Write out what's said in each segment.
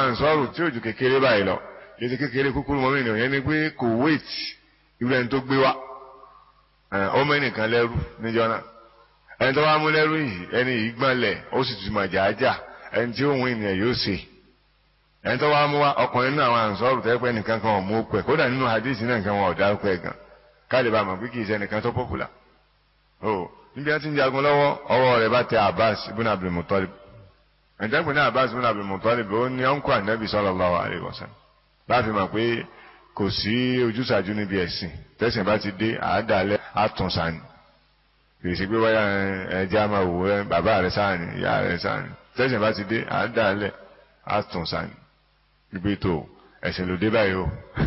ansọ́rù tí òjò kékeré báyìí lọ létí kékeré kúkúrú mọ́mí ènìyàn yẹn ni pé kò wéètì irú ẹni tó gbé wá ọmọ ẹnìkan lẹ́rú níjọ́ náà ẹni tó mú lẹ́rú yìí ẹni yìí gbọ́nlẹ̀ ó sì tún mọ̀ ẹni tí òun ènìyàn yóò ṣe ẹni tó mú wá ọkùnrin náà káàdì bá mọ̀ pé kì í ṣẹni kan tó pọ́pùlà o níbi ẹni tí ń jagun lọ́wọ́ ọwọ́ rẹ̀ bá tẹ Abbas ibn Abdul Muttalib ẹ̀ńtẹ́gbọ̀n náà Abbas ibn Abdul Muttalib ó ní ọ̀nkọ́ ànábì sallallahu alaihi wasallam láti mọ̀ pé kò sí ojúsàájú níbi ẹ̀sìn tẹ̀sìn bá ti dé àádàlẹ́ àtúnṣàn kìí pé wáyà ẹja máa wò ẹ bàbá rẹ sáà ni ìyá rẹ sáà tẹ̀sìn bá ti dé àádàlẹ́ àtúnṣàn ibi tó ẹ̀sìn lòdì báyìí o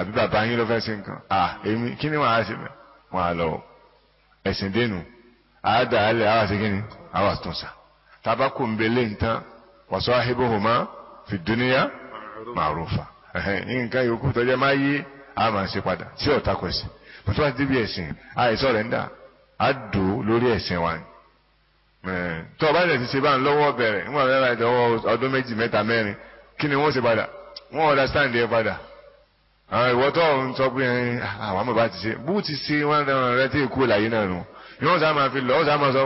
àbí bàbá yín ló fẹ́ ṣe nǹkan à èmi kí ni wàá ṣe wọn à lọ ẹ̀sìn dénú àádà alẹ́ àwọn àti kíni àwọn àtúnṣà tabako nbẹ̀lẹ̀ nǹkan wàṣọ ahibuhuma fi dúníyà màrúfà nǹkan yòókù tọ́jà máa yí a máa ṣe padà sí ọ̀tá kò sí pàtó àti bíbí ẹ̀sìn àìsọ rẹ̀ ń dà á dò lórí ẹ̀sìn wa ni tọ́ ọba ilẹ̀ ti ṣe bá ń lọ́wọ́ bẹ̀rẹ̀ ń wà lẹ́la ìdánwò ọdún méjì mẹ́ta mẹ́rin kí ni wọ́n ṣe padà wọ́n understand ẹ padà ìwọ tó ń sọ pé àwọn ọmọ bá ti ṣe bú ti ṣe wọn rẹran rẹ tí èkó láyé náà nù ni wọn sá máa fi lọ wọn sá máa sọ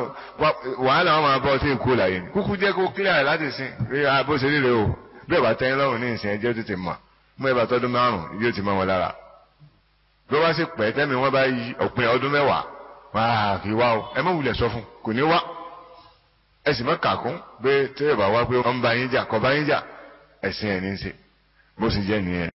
wàhálà wọn máa bọ tí èkó láyé ni kúkú jẹ kó clear láti sin rí bó ṣe ríre o bí ẹ bá tẹyin lọ́rùn ní ìsìn ẹjẹ ó tètè mọ mú ẹ bá tọdún márùn yóò ti mọ wọn lára bí wọn bá sì pẹ tẹmí wọn bá yí òpin ọdún mẹ́wàá wàá o ẹ má wulẹ̀ sọ fún kò ní wá ẹ sì má kàkún pé tẹ́lẹ̀ bá wá pé wọ́n ń bá yín jà kọ́ bá yín jà ẹ̀sìn ẹ̀ ní í